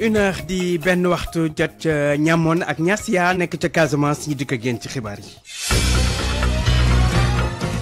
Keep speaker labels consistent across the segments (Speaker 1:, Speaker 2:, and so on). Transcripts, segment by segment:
Speaker 1: une heure di benn waxtu jot ñamoon ak ñaas yaa nekk ca Casamance ñi di ko génn ci xibaar yi.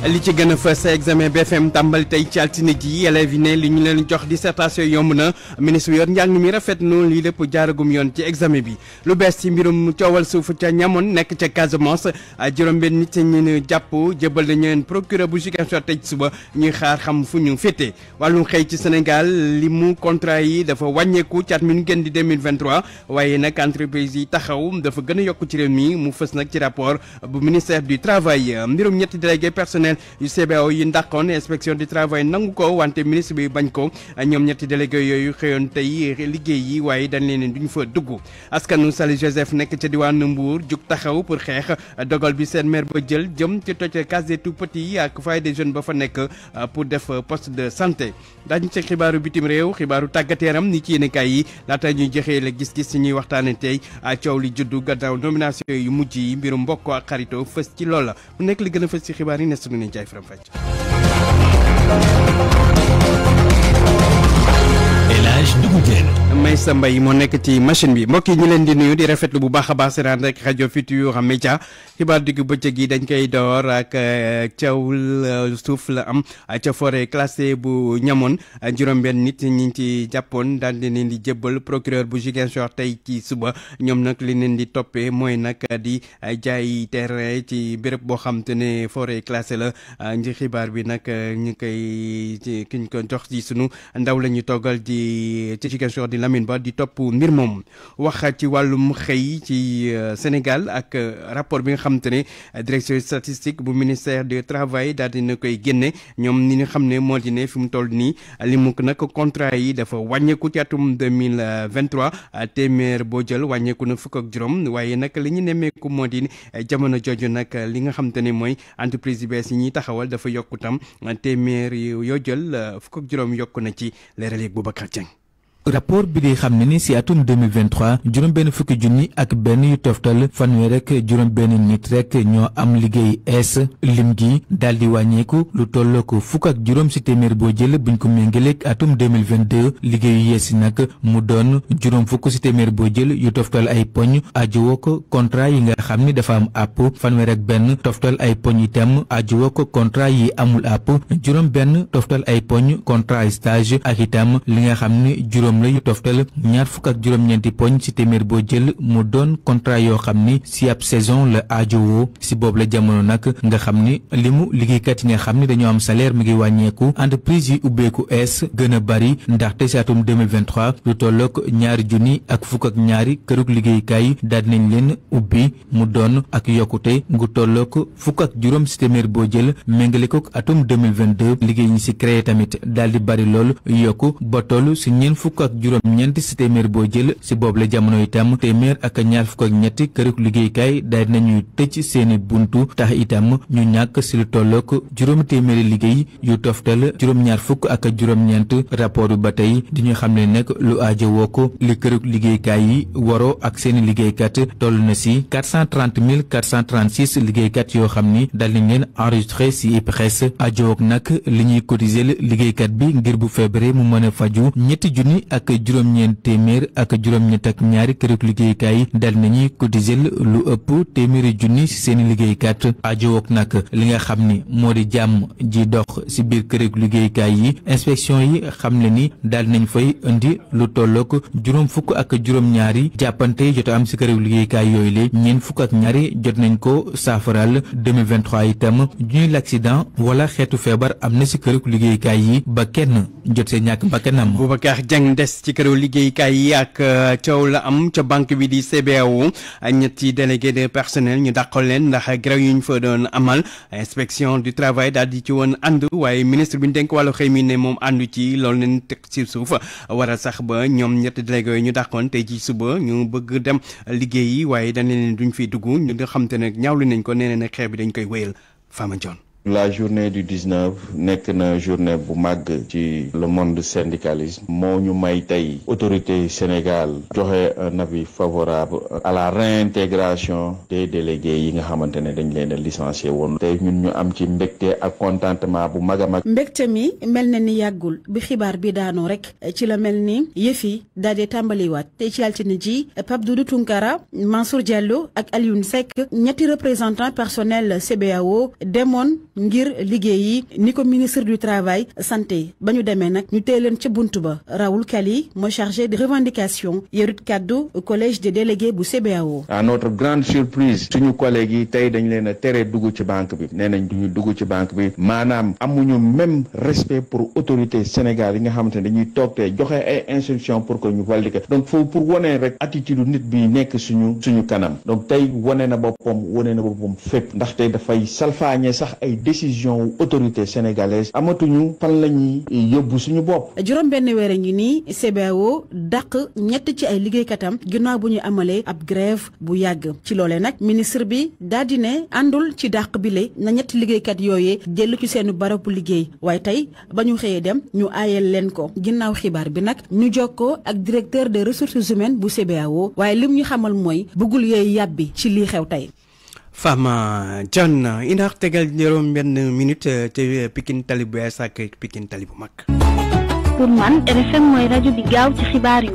Speaker 1: li ci gëna a fës examen BFM tambal tay ci altiné ji élèves né li ñu leen jox dissertation yomb na ministre yor njàng mi rafet nu li lepp jaaragum yoon ci examen bi lu bess ci mbirum ciowal suuf ca ñamoon nek ci Casamance juróom-benn nit ñi jàpp jëbal nañu ñeen procureur bu Ziguinchor tey suba ñi xaar xam fu ñu fété walu xey ci Sénégal li mu contrat yi dafa wàññeeku ci at gën di 2023 wayé nak entreprise yi taxaw dafa gëna a ci réew mi mu fess nak ci rapport bu ministère du travail mbirum ñetti délégué personnel personnel yu CBAO yi ndàqoon inspection du travail nangu ko wante ministre bi bañ ko ñom ñetti délégué yoyu xeyon tay liggéey yi waaye dañ leen duñ fa dugg askanu Sali Joseph nek ci diwaanu Mbour juk taxaw pour xex dogal bi sen maire ba jël jëm ci toj case des tout-petits ak fay des jeunes ba fa nek euh, pour def euh, poste de santé dañ ci xibaaru bitim rew xibaaru tagateram ni ci yéenekaay yi laata ñuy joxee la gis-gis ci ñuy tay tey coow li juddu gannaaw nomination yu mujj yi mbirum mbokk ak xaritoo fës ci lool mu nek li gën a ci xibaar yi déglu nañ ci ay faram-fàcce. El Hadj Ndioukou Diène Maysa sambai mo nek ci machine bi mbokk yi ñu leen di nuyu di rafetlu bu baax a baax seen ànd ak rajo Futurs Médias xibaar diggu bëccëg gi dañ koy door ak eh, cawul eh, suuf la am eh, ci forêt classé bu ñamon juróom ben nit ñi ci japon dal di leen di procureur bu sor tay ci suba ñom nak li leen di topé moy nak di jaay terre ci bërepp bo xam forêt la ñi xibaar bi nak ñi koy kiñ ko jox ci sunu ndaw lañu togal di ci sor di Lamine Ba di topp mbir moom wax ci wàllum xëy ci euh, Sénégal ak euh, rapport bi nga xamante ne euh, direction statistique bu ministère de travail daal dina koy génne ñoom ni ñu xam ne moo di ne fi mu toll nii li mu nag contrat yi dafa wàññeeku ci atum 2023 téeméer boo jël wàññeeku na fukk ak juróom waaye nag li ñu nemmeeku moo di jamono jooju nag li nga xamante ne mooy entreprise yu bees yi ñuy taxawal dafa yokkutam tam téeméer yoo jël fukk ak juróom yokku na ci leeral yeeg Boubacar Dieng
Speaker 2: rapport bi di xam ne ni si atum 2023 juróom ak benn yu toftal fanweer rek juróom benn nit rek ñoo am liggéey ees lim gi daal di wàññeeku lu tolloo ko fukk ak juróom si téeméer boo jël buñ ko méngaleeg atum 2022 liggéey yu yees yi nag mu doon juróom fukk si téeméer boo jël yu toftal ay poñ ajuwoo ko contrat yi nga xam ni dafa am àpp fanweer ak benn toftal ay poñ itam ajuwoo ko yi amul àpp juróom benn toftal ay poñ contrat stage ak itam li nga xam ni juróom ñoom la yu toftal ñaar fukk ak juróom-ñeenti poñ ci téeméer boo jël mu doon contrat yoo xam ni si ab saison la aajowoo si boobu la jamono nag nga xam ni limu liggéeykat yi nga xam ni dañoo am salaire mi ngi wàññeeku entreprise yi ubbeeku ees gën a bari ndaxte si atum 2023 lu tolloog ñaari junni ak fukk ak ñaari kërug liggéeykaay daal nañ leen ubbi mu doon ak yokkute ngu tollook fukk ak juróom si téeméer boo jël méngale ko atum 2022 liggéey ñi si créé tamit daal di bari lool yokku ak juróom-ñeent si téeméer boo jël si boobu la jamono itam téeméer ak ñaar fukk ak ñetti këruk liggéeykaay daal dinañuy tëj seeni buntu tax itam ñu ñàkk si lu tollook juróom téeméeri liggéey yu toftal juróom-ñaar fukk ak juróom-ñeent rapport ba tey di ñu xam ne nag lu aajo woo ko li këruk liggéeykaay yi waroo ak seeni liggéeykat toll na si 430 436 liggéeykat yoo xam ni dal nañ leen enregistré si IPRES aajo nag li ñuy cotiser liggéeykat bi ngir bu feebaree mu mën a faju ñetti junni ak juróom-ñeent téeméer ak juróom-ñett ak ñaari këruk liggéeykaay Temir dal nañuy cotiser lu ëpp téeméeri junni si seeni liggéeykat ajowook nak li nga xamni modi ji dox ci biir yi inspection yi xam ni dal nañ fay indi lu tollok juróom fukk ak juróom-ñaari jàppante jot am si këruk liggéeykaay yoy ñeen fukk ak ñaari jot nañ ko safral 2023 itam juñuy l'accident wala xétu feebar am na si këruk liggéeykaay yi ba kenn jot bakkanam
Speaker 1: ci këru liggéeykaay yi ak euh, coow la am ca banque bi di CBAO ñetti délégué de personnel ñu dàqoon leen ndax grève yu ñu fa doon amal inspection du travail daal di ci woon ànd waaye ministre bi ñu dénk wàllu xëy mi ne moom àndu ci loolu leen teg ci suuf waral sax ba ñoom ñetti délégué yi ñu dàqoon tey ji suba ñu bëgg dem liggéey yi waaye dañ leen duñ fiy dugg ñu nga xam te ne ñaawlu nañ ko nee na xeex bi dañ koy wéyal Fama John
Speaker 3: la journée du 19 nek na journée bu mag ci le monde syndicalisme mo ñu may tay autorité Sénégal joxe un avis favorable à la réintégration des délégués yi nga xamante dañ leen a licencié won tay ñun ñu am ci mbégte ak contentement bu mag mag
Speaker 4: mi mel na ni yàggul bi xibar bi daano rek ci la melni ni yëf tambali wat té ci altine ji Pape Doudou Tunkara Mansour Diallo ak Alioune Seck ñetti représentant personnel CBAO démon ngir liggéey yi ni ko ministre du travail santé ba ñu demee nag ñu téye leen ca buntu ba Raoul Kali mooy chargé de revendication yorut kàddu collège des délégués bu CBAO.
Speaker 3: à notre grande surprise suñu collègues yi tey dañ leen a tere dugg ci banque bi nee nañ duñu dugg ci banque bi maanaam amuñu même respect pour autorité Sénégal yi nga xamante dañuy toog te joxe ay instructions pour que ñu valider donc foofu pour wane rek attitude nit bi nekk suñu suñu kanam donc tey wane na boppam wane na boppam fépp ndax tey dafay salfaañe sax ay décision wu autorité sénégalaise amatuñu fan la ñuy yóbbu suñu bopp.
Speaker 4: juróom benn weer a ngi nii CBAO daq ñett ci ay liggéeykatam ginnaaw bu ñu amalee ab grève bu yàgg ci loole nag ministre bi daal ne àndul ci dàq bi bile na ñetti liggéeykat yooyee jël ci seenu barabu liggéey waaye tey ba ñu xëyee dem ñu aayal leen ko ginnaaw xibaar bi nag ñu jokkoo ak directeur des ressources humaines bu CBAO waaye lim ñu xamal mooy bëggul yooyu yàbbi ci lii xew tey.
Speaker 1: Fama John inaar tegal juróom benn minute euh, ci euh, Pikine Tali bu bees ak Pikine Tali bu mag.
Speaker 5: pour man RFM mooy rajo bi gaaw ci
Speaker 1: xibaar yu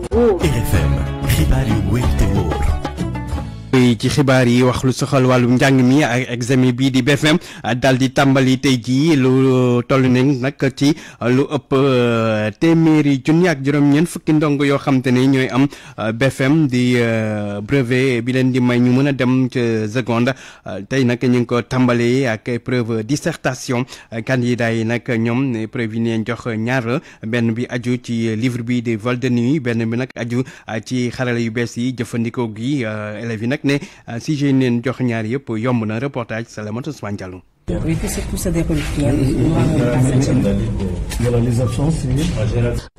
Speaker 1: ci xibaar yi wax lu soxal walu njàng mi ak examen bi di BFM daal di tàmbali tey jii lu toll ne nag ci lu ëpp euh, téeméeri junni ak juróom-ñeent fukki ndongo yo xam te ne am euh, BFM di euh, brevet bi len di may ñu mën dem ci seconde tay nak ñing ko tambali ak épreuve dissertation candidat yi nag ñoom épreuve yi jox ñaar ben bi aju ci livre bi di vol de nuit ben bi nak aju ci xarala yu bees yi jëfandikoo gi élèves yi nag ne ah, si j neen jox ñaar yëpp yomb na reportage Salamata Ousmane Diallo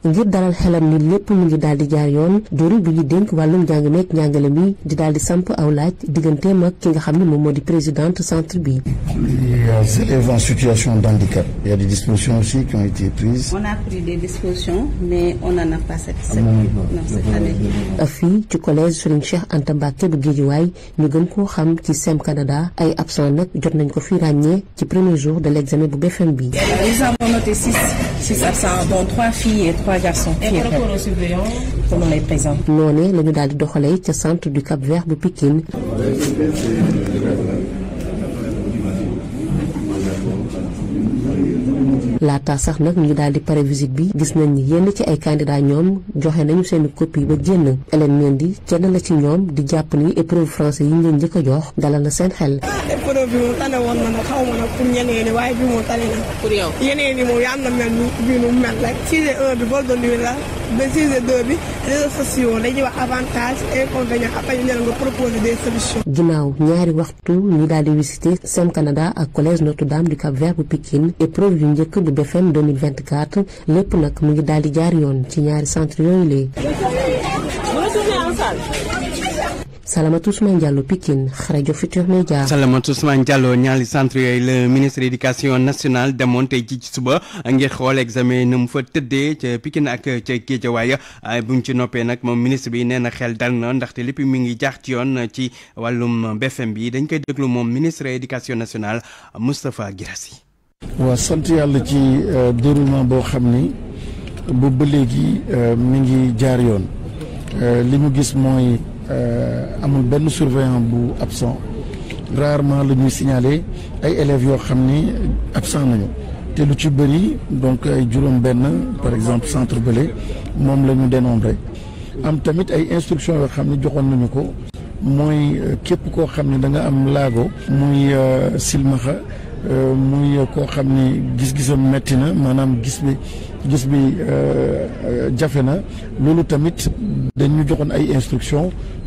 Speaker 6: ngir dalal xelam ni lépp mu ngi daal di jaar yoon jori bi ñu dénk wàllum njàng meek njàngale mi di daal di samp aw laaj digganteem ak ki nga xam ne moom moo di présidente centre bi.
Speaker 7: en situation d' handicap. il y a des dispositions aussi qui ont été prises.
Speaker 8: on a pris des dispositions mais on en a pas cette cette ah, année.
Speaker 6: fii ci collège Serigne Cheikh Anta Mbacké bu Guédiawaye ñu gën koo xam ci SEM Canada ay absents nag jot nañ ko fi ràññee. Qui est le premier jour de l'examen de BFMB?
Speaker 5: Nous avons noté 6 assassins, dont 3 filles et 3 garçons. Et pour le surveillant,
Speaker 6: comment est-ce nous sommes présents? Nous sommes les médias de Dorleï, qui sont du Cap Vert de Pékin. laata sax nag ñu daal di pare visite bi gis nañ ni yenn ci ay candidat ñoom joxe nañu seen copie ba génn Hélène di kenn la ci ñoom di jàpp ni épreuve français yi ñu leen njëkk a jox dalal na seen xel.
Speaker 4: épreuve bi moom tane woon na ma xaw ma nag pour ñeneen waaye bi moom tane na. pour yow yeneen moom yaa am na mel ni bii nu mel rek. 6 et 1 bi bol de la. de g
Speaker 6: ñaari waxtu ñu daal di visiter SEM Canada ak collège Notre-Dame du Cap-Vert bu Pikine épreuve yu njëkk bu BFEM 2024 lépp nag mu ngi daal di jaar yoon ci ñaari centre yooyu Salamatu Ousmane Diallo Pikine rajo Futurs Médias.
Speaker 1: Salamatu centre yooyu ministre éducation nationale demoon tey ji ci suba ngir xool examen na mu fa tëddee ca Pikine ak ca Guédiawaye bu ñu ci noppee nag moom ministre bi nee na xel dal na ndaxte lépp mu ngi jaax ci yoon ci wàllum BFM bi dañ koy déglu moom ministre éducation nationale Moustapha Guirassy.
Speaker 7: waa sant yàlla ci euh, déroulement boo xam ni bu ba léegi euh, mi ngi jaar yoon euh, li ñu gis mooy. Euh, amul benn surveillant bu absent rarement la ñuy signaler ay élèves yoo xam ni absent nañu te lu ci bëri donc ay juróom-benn par exemple centre Bélé moom la ñu dénombré am tamit ay instructions yoo xam ne joxoon nañu ko mooy euh, képp koo xam ne da nga am laago muy euh, silmaxa muy koo xam ni gis-gisam metti na maanaam gis bi gis bi jafe na loolu tamit dañu joxoon ay instructions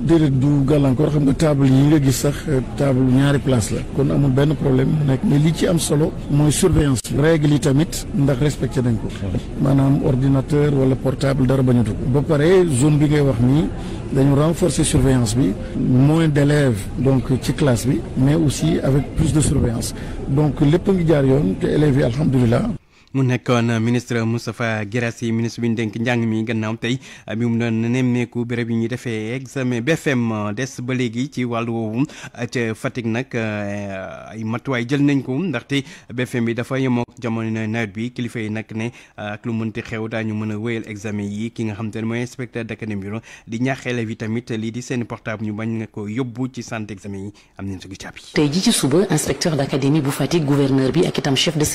Speaker 7: déedéet du encore xam nga table yi nga gis sax euh, table ñaari place la kon amul benn problème mu nekk mais li ci am solo mooy surveillance bi règle yi tamit ndax respecté nañ ko maanaam ordinateur wala portable dara bañatu ko ba pare zone bi ngay wax nii dañu renforcer surveillance bi moins d'élèves donc ci classe bi mais aussi avec plus de surveillance donc lépp ngi jaar yoon te élèves yi alhamdulilah
Speaker 1: mu nekkoon ministre Moustapha Guirassy ministre bi ñu dénk njàng mi gannaaw tey bi mu doon nemmeeku béréb yi ñuy defee examen BFM des ba léegi ci wàllu woowu ca Fatick nag eh, ay matuwaay jël nañ ko ndaxte BFM bi dafa yemoo jamono nawet bi kilifa yi nag ne ak lu mënti xew daañu mën a wéyal examen yi ki nga xam te ne mooy inspecteur d'académie di ñaax élèves yi tamit lii di seen portable ñu bañ nga ko yóbbu ci centre examen yi am nañ suñu caabi.
Speaker 9: tey ji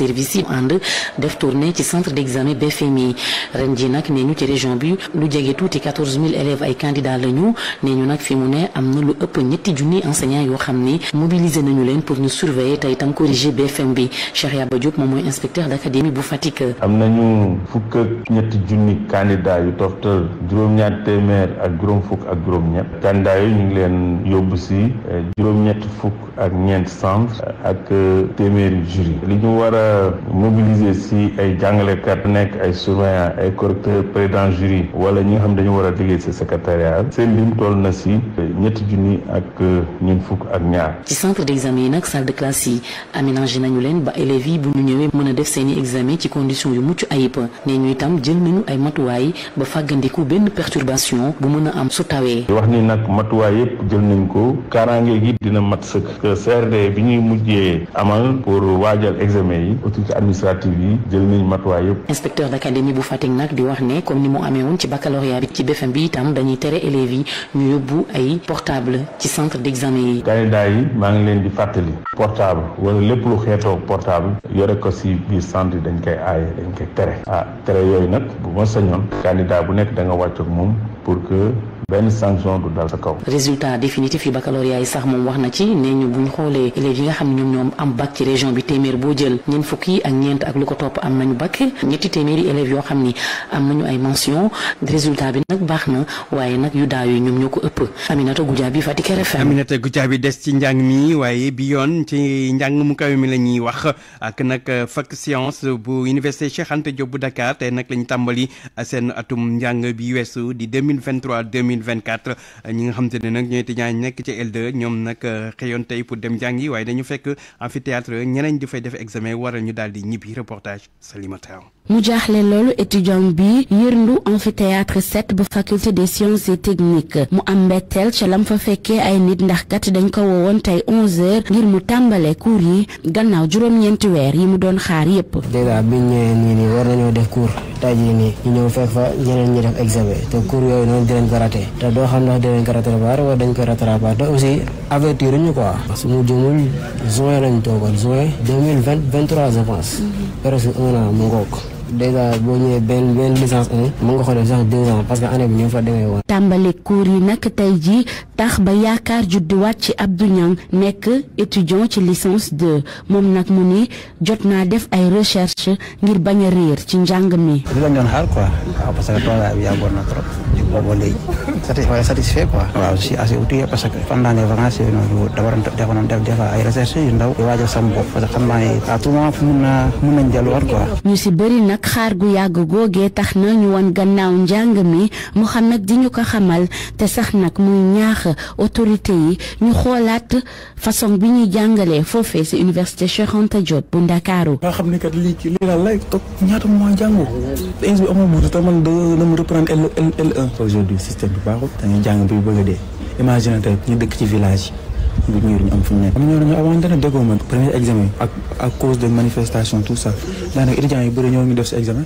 Speaker 9: yi def tournée ci centre d'examen examen BFEMI ren ji nag nee ci région bi lu jege touti 14000 élèves ay candidats lañu ñu nak ñu nag fi mu ne am lu ëpp ñetti junni enseignants yo xamni ni mobilisé nañu leen pour ñu surveiller tay tam corriger BFM bi Cheikh Yaba Diop moom moy inspecteur d'académie bu Fatick.
Speaker 3: am nañu fukk ñetti junni candidats yu toftal juroom ñaar témèr ak juroom fukk ak juroom ñett candidat yu ñu ngi leen yóbbu si eh, juróom-ñett fukk ak ñeent centre ak eh, témèr jury li ñu war mobiliser si si ay jàngalekat nekk ay surveillant ay correcteur président jury wala ñi nga xam dañu war a liggéey si secrétariat seen lim toll na si ñetti junni ak euh, ñun fukk ak ñaar.
Speaker 9: ci centre d' examen yi nag salle de classe yi aménagé nañu leen ba élèves yi bu ñu ñëwee mën a def seen i examen ci condition yu mucc ayib ne ñu itam jël nañu ay matuwaay ba fàggandiku benn perturbation bu mën a am su tawee.
Speaker 3: wax ni nag matuwaay yëpp jël nañ ko kaaraange gi dina mat sëkk. Euh, CRD bi ñuy mujjee amal pour waajal examen yi autorité administrative yi jël nañ matuwaay yëpp.
Speaker 9: inspecteur d'académie bu Fatick nag di wax ne comme ni mu amee woon ci baccalauréat bi ci BFM bi itam dañuy tere élèves yi ñu yóbbu ay portable ci centre d'examen yi.
Speaker 3: candidat yi maa ngi leen di fàttali. portable wala lépp lu xeetoo portable. yore ko si biir centre dañ koy aaye dañ koy tere. ah tere yooyu nag bu ma sañoon. candidat bu nekk da nga wàccoog moom pour que. benn sanction du dal sa kaw.
Speaker 9: résultat définitif yi baccalauréat yi sax moom wax na ci nee ñu bu ñu xoolee élèves yi nga xam ne ñoom ñoom am bac ci région bi téeméer boo jël ñeent fukki ak ñeent ak lu ko topp. ñëpp am nañu bac ñetti téeméeri élèves yoo xam ni am nañu ay mention
Speaker 1: résultat bi nag baax na waaye nag yu daaw yi ñoom ñoo ko ëpp Aminata Goudiaby Fatick des ci njàng mi waaye bi yoon ci njàng mu kawe mi la ñuy wax ak nag fac science bu université Cheikh Anta Diop Dakar tey nag la ñu tàmbali seen atum njàng bi weesu di 2023 nga xam nag ñooy tijaan nekk ci l ñoom nag xëyoon tey pour dem njàng yi waaye dañu fekk amphithéâtre ñeneen di fay def examen waral salimata
Speaker 8: mu jaaxle loolu étudiant bi yërndu amphithéâtre set bu faculté des sciences et techniques mu am mbetteel ca fa fekkee ay nit ndax kat dañ ko woowoon tey 11h ngir mu tàmbalee cour yi gannaaw juróom-ñeenti weer yi mu
Speaker 10: doon xaar yépp dèjà biñ ñëwee nii nii war nañoo def cours tey nii ñu ñëw fekk fa ñeneen ñi def examen te cours yooyu noonu dinañ ko te doo xam ndax dinañ ko rattraper wala dañ ko rattraper te aussi avertir ñu quoi parce que mu jëmul juin lañ toogoon juin 2020 23 je pense mm-hmm. presque un an mu ngoog dèjà boo ñëwee benn benn licence 1 mën nga ko def sax 2 ans parce que année bi ñu fa demee woon.
Speaker 8: tàmbali cours yi nag tey jii tax ba yaakaar juddiwaat ci Abdou Niang nekk étudiant ci licence 2 moom nag mu ni jot naa def ay recherche ngir bañ réer ci njàng mi.
Speaker 11: li la ñu doon xaar quoi waaw parce que toolaay bi yàggoon na trop. la boole satisfait satisfait quoi waaw si assez outil ah, ya parce que fan naa ne vacances yooyu noonu da war a defoon def des fois ay recherche yu ndaw di waajal sama bopp parce xam naa ne à tout moment mun naa mun nañ delluwaat
Speaker 8: ñu si bëri nag xaar gu yàgg googee tax na ñu wan gannaaw njàng mi mu xam nag di ñu ko xamal te sax nag muy ñaax autorité yi ñu xoolaat façon bi ñuy jàngalee foofee si université Cheikh Anta Diop bu Ndakaaru
Speaker 2: nga xam ne kat lii ci lii daal lay toog ñaata mois jàngu ins bi amul mu tamal de dama reprendre L L L1 e. aujourd'hui système bi baaxul da ngay jàng bi bëgg a dee imagine ñu dëkk ci village yi ñëw ñu am fu nekk am ñoo dañu avancé na déggoo ma premier examen ak à cause de manifestation tout ça daanaka étudiants yi bëri ñoo ngi def si examen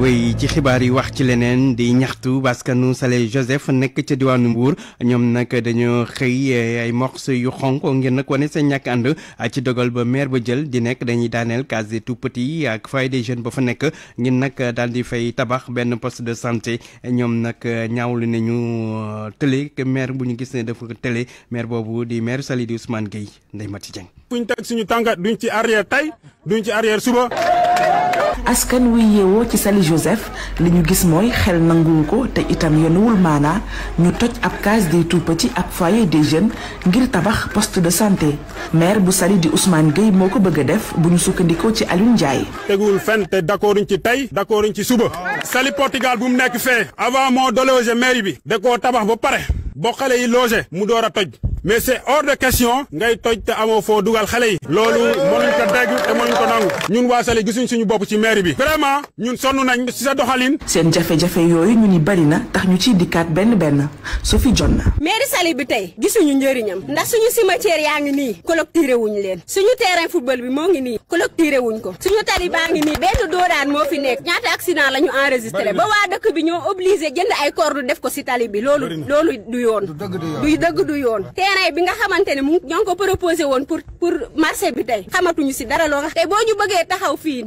Speaker 1: wéy ci xibaar yi wax ci leneen di ñaxtu baskanu Sale Joseph nekk ca diwaanu Mbour ñoom nag dañoo xëy eh, ay morceaux yu xonq ngir nag ne seen ñàkk ànd eh, ci dogal ba maire ba jël di nekk dañuy daaneel case des tout-petits ak foyer des jeunes ba fa nekk ngir nag daal di fay tabax benn poste de santé ñoom nag eh, ñaawlu ne ñu tële maire bu ñu gis ne dafa tële maire boobu di maire Sali di Ousmane Gueye Ndeye Mati Dieng.
Speaker 4: askan wuy yeewoo ci Saly Joseph li ñu gis mooy xel nanguwu ko te itam wul maanaa ñu toj ab case des tout-petits ak foyer des jeunes ngir tabax poste de santé maire bu Saly di Ousmane Gueye moo ko bëgg def bu ñu sukkandikoo ci Alioune Ndiaye.
Speaker 12: teguwul fenn te d'accord ñu ci tey d'accord ñu ci suba. Saly Portugal bu mu nekk fee. avant moo dolé maire bi. da koo tabax ba pare. bo xalé yi logé mu doora toj mais c'est hors de question ngay toj te amo fo dugal xalé yi loolu mënuñ ko dégg te ko nangu ñun wa salé gisun suñu bop ci maire
Speaker 4: bi vraiment ñun sonu nañ si sa doxalin seen jafé jafé yooyu ñu ni bari na tax ñu ci dikkat ben ben sofi fi maire salé
Speaker 8: mairie Saly bi tey gisuñu njëriñam ndax suñu cimetière yaangi ni nii collecté wuñ leen suñu terrain football bi kolok ngi nii wuñ ko suñu tali baangi ni ben benn doodaan moo fi nekk ñaata accident lañu enregistrer ba wa dëkk bi ñoo obligé jënd ay def ko ci tali bi loolu du yoon du dëgg du yoon terrain bi nga xamante ne mu ñoo ngi ko proposé woon pour pour marché bi tey xamatuñu si dara loo nga tey boo ñu bëggee taxaw fii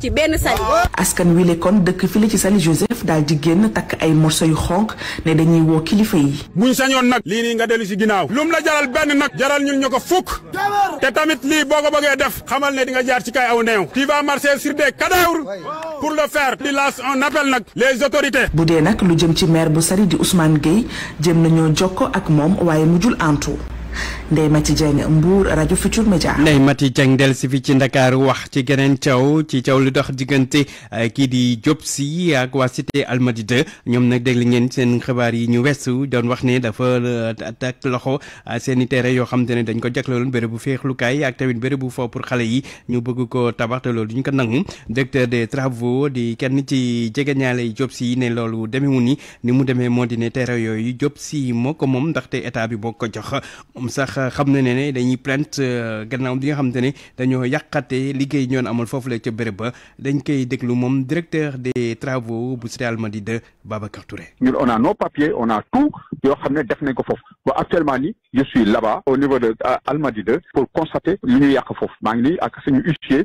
Speaker 8: ci benn sali
Speaker 4: askan wile kon dëkk file ci sali Joseph daal di génn takk ay morso yu xonk ne dañuy woo kilifa yi
Speaker 12: buñ sañoon nag lii nii nga dellu si ginnaaw lum la jaral benn nag jaral ñun ñu ko fukk te tamit lii boo ko bëggee def xamal ne di nga ci kay aw neew tu vas marcher sur des cadavres
Speaker 4: les autorités. bu dee nag lu jëm ci maire bu Saly di Ousmane Gueye jëm nañoo jokko ak moom waaye mujjul antu. Ndeye Mathi Dieng Mbour rajo Futur Media. Ndeye
Speaker 1: Mathi Dieng del si fi ci Ndakaaru wax ci geneen caw ci caw lu dox diggante eh, kii di Diop Sy ak waa cité Almadies 2 ñoom nag dégg ngeen seen xibaar yi ñu weesu doon wax ne dafa eh, takk loxo eh, seen i yoo xam te ne dañ ko jagleeloon béréb bu féexlukaay ak tamit béréb bu fo pour xale yi ñu bëgg ko tabax te loolu duñ ko nangu directeur des travaux di kenn ci jege jegeñaale Diop yi ne loolu wu ni ni mu demee moo di ne terrain yooyu Diop Sy moo ko moom ndaxte état bi boo ko jox sax. xam ne ne dañuy plainte euh, gannaaw bi nga xam te ne dañoo yàqate liggéey ñoon amal foofu la ca béréb ba dañ koy déglu moom directeur des travaux bu Cité Almadies 2 Babacar Touré.
Speaker 13: ñun on a nos papiers on a tout yoo xam ne def nañ ko foofu ba actuellement ni je suis là-bas au niveau de euh, Almadies 2 pour constater li ñuy yàq foofu maa ngi nii ak suñu huissier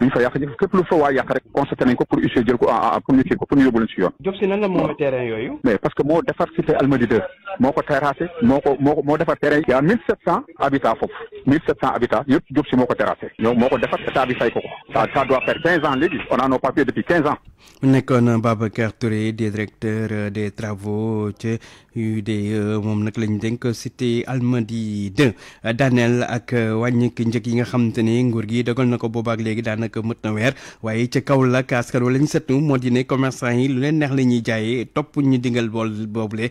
Speaker 13: duñ fa yàq képp lu fa waa yàq rek constaté nañ ko pour essayer jël ko ah, ah, pour ñu kii ko pour ñu yóbbu leen si
Speaker 1: yoon
Speaker 13: mais parce que moo defar cité Almadies moo ko terrassé moo ko moo moo defar terrain yi. y' a mille sept cent habitants foofu mille sept cent habitants yëpp jub si moo ko terrassé. ñoo moo ko defar état bi fay ko ko. ça ça doit faire quinze ans léegi on a nos papiers depuis quinze ans.
Speaker 1: nekkoon Babacar Touré directeur des travaux ca UDE moom nag lañ dénk cité Almadies 2 daaneel ak wàññik njëg yi nga xam te nguur gi dogal na ko boobaak léegi daanaka mët na weer waaye ca kaw la askan wala ñu set moo d ne commerçant yi lu leen neex la ñuy jaayee topp ñu dingal bool boobule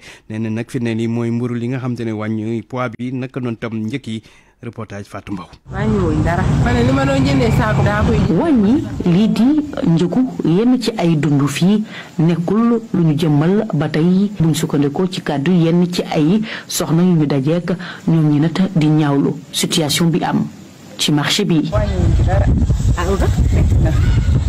Speaker 1: ni mooy mburu li nga xam te ne wàññi poids bi naka noonu tam njëkk yi reportage Fatou Mbow.
Speaker 5: wàññiwuñ dara.
Speaker 14: ma ne li ma doon jëndee saako daa koy.
Speaker 5: wàññi lii di njëgu yenn ci ay dund fii nekkul lu ñu jëmmal ba tey buñ sukkandikoo ci kàddu yenn ci ay soxna yu ñu dajeek ñoom ñi nat di ñaawlu situation bi am. ci marché bi.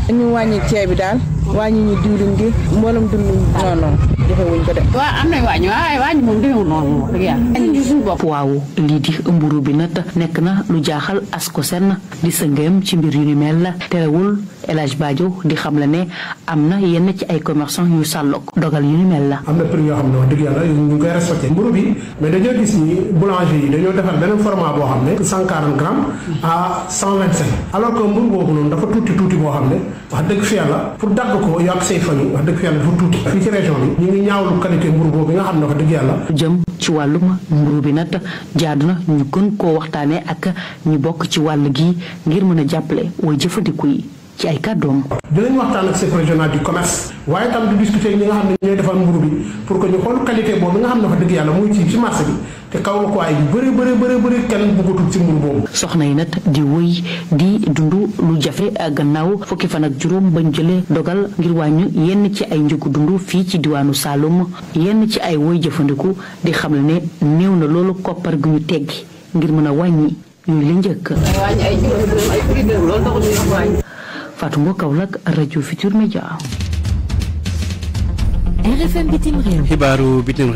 Speaker 4: ñu wàññi ceeb bi daal wàññi ñu diwlin gi mboolem dund non non defewuñ ko de. waaw am nañ wàññi waaye wàññi moom demewul noonu
Speaker 5: wax dëgg yàlla. waaw lii di mburu bi nag nekk na lu jaaxal asko sen di sëngeem ci mbir yu ni mel terewul. El Hadj Badio di xam la ne amna yenn ci ay commerçants yu sàlloog dogal yu ni
Speaker 15: mel la amna pri yo yoo xam ne wax deug yalla ñu ngi koy respecté mburu bi
Speaker 12: mais dañu gis ni boulanger yi dañu defal benen format bo xam 140 cent à
Speaker 15: 125 alors que mburu bobu non dafa tuuti tuuti bo xam wax deug fi yalla pour dag ko ak sey famille wax deug fi yalla fu tuuti fi ci région bi ñi ngi ñaawlu qualité mburu bobu nga xam ne wax deug yalla jëm ci
Speaker 5: wàllum mburu bi nag jaaduna ñu gën ko waxtane ak ñu bok ci wàll gi ngir mëna a way jëfëndiku yi ci ay kàddoom.
Speaker 10: dinañ waxtaan ak chef régional du commerce
Speaker 12: waaye tam di discuter ñi nga xam ne ñooy defar mburu bi pour que ñu xool qualité boobu nga xam ne fa dëgg yàlla muy ci ci
Speaker 5: marché bi te kaw la ko ay yu bëri bëri bëri bëri kenn bëggatul ci mburu boobu. soxna yi nag di wëy di dund lu jafe gannaaw fukki fan ak juróom bañ jëlee dogal ngir wàññi yenn ci ay njëgu dund fii ci diwaanu Saloum yenn ci ay woy jëfandiku di xam ne néew na loolu koppar gu ñu teggi ngir mën a wàññi li njëkk.
Speaker 1: Fatou Mbow Kaolack rajo Futur
Speaker 5: Média
Speaker 16: RFM bitim réew.
Speaker 1: xibaaru bitim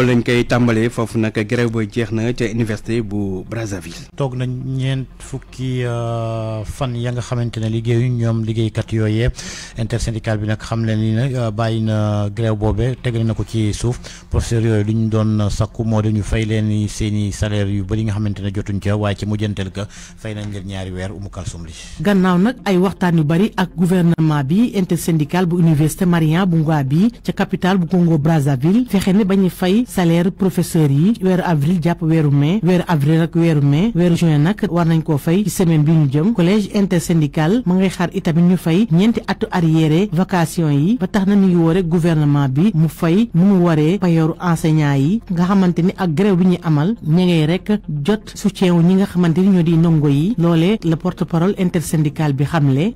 Speaker 1: ah, foofu nag grève ba jeex na ca université bu
Speaker 17: Brazzaville. toog nañ ñeent fukki euh, fan ya nga xamante ne liggéeyu ñoom liggéeykat inter intersyndical bi nag xam leen ni ne euh, bàyyi na grève boobee tegal na ko ci suuf professeur yooyu li ñu doon sakku moo dañu fay leen seen i salaire yu bëri nga xamante ne jotuñ ca waaye ci mujjantel ka fay nañ leen ñaari weer umu kalsum li.
Speaker 16: gouvernement bi intersyndical bu université Marien bu Ngouabi ca capitale bu Congo Brazzaville fexe ne bañu fay salaire professeur yi weeru avril jàpp weeru mai weeru avril ak weeru mai weeru juin nag war nañ koo fay ci semaine bi ñu jëm collège intersyndical ma ngay xaar itamit ñu fay ñeenti atu arriéré vacation yi ba tax na ñu ngi woore gouvernement bi mu fay mu mu waree payooru enseignant yi nga xamante ni ak grève bi ñuy amal ña ngay rek jot soutien wu ñi nga xamante ni ñoo di ndongo yi loolee la porte parole intersyndical bi xamle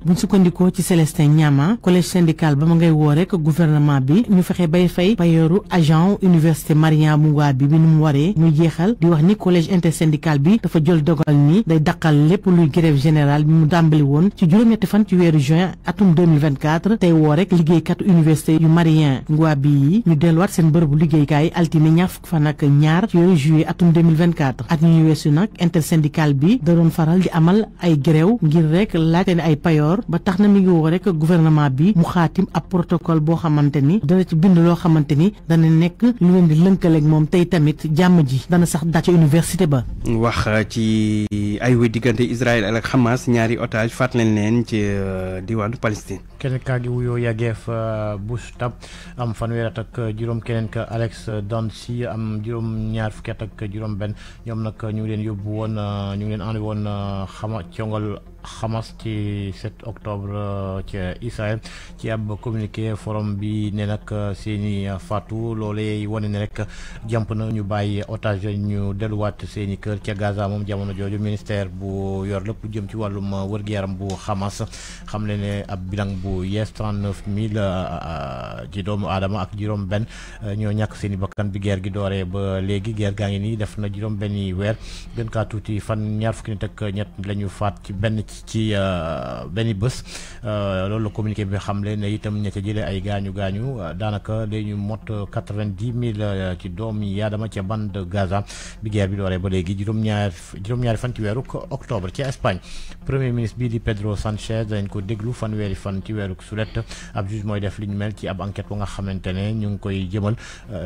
Speaker 16: Célestin Niama collège syndical ba ma ngay woo rek gouvernement bi ñu fexe bay fay payooru agent université Marien Mouwa bi bi nu mu waree muy jeexal di wax ni collège intersyndical bi dafa jël dogal ni day daqal lépp luy grève générale bi mu dàmbali woon ci juróom-ñetti fan ci weeru juin atum 2024 tey woo rek liggéeykatu université yu Marien Mouwa bi yi ñu delluwaat seen bërëbu liggéeykaay altine ñaar fukk fan ak ñaar ci weeru juillet atum 2024 at ñu weesu nag intersyndical bi da doon faral di amal ay grève ngir rek laaj seen ay payoor ba tax na mi ngi woo rek gouvernement bi mu xaatim ab protocole boo xamante ni dana ci bind loo xamante ni dana nekk lu leen di lënkaleeg moom tey tamit jàmm ji dana sax daj ca université ba.
Speaker 1: wax ci ay wéy diggante Israël ak Hamas ñaari otage faat nañ leen ci euh, diwaanu Palestine.
Speaker 17: keneen kaa gi wuyoo Yageef euh, Bouchtab am fanweeri at ak juróom keneen ka Alex Dansi am juróom ñaar fukki at ak juróom benn ñoom nag ñu leen yóbbu woon euh, ñu leen andi woon xama congol. Hamas ci 7 octobre ci Israël ci am communiqué forum bi né nak seeni Fatou lolé woné né rek jamp na ñu bayyi otage ñu wat seeni kër ci Gaza mom jamono joju ministère bu yor lepp jëm ci wër gu yaram bu Hamas xam le ab bilang bu Yes 39000 mille euh, euh, ci doomu aadama ak juróom ben euh, ñoo ñak seeni bakkan bi guerre gi doré ba légui guerre gaangi ni def na ben yi wër gën ka tuuti fan ñaar fukki tak ñet lañu faat ci ben ci euh, benn bés euh, loolu la communiqué bi xamle ne itam ña ca jëlee ay gaañu gaañu daanaka dañu mot quatre mille euh, ci doomi yaadama ca bande Gaza bi guerre bi dooree ba léegi juróom-ñaar juróom-ñaari fan ci weeru octobre ci Espagne premier ministre bi di Pedro Sanchez dañ ko déglu fanweeri fan ci weeru sulet ab juge mooy def li ñu mel ci ab enquête bu nga xamante ne ñu ngi koy jëmal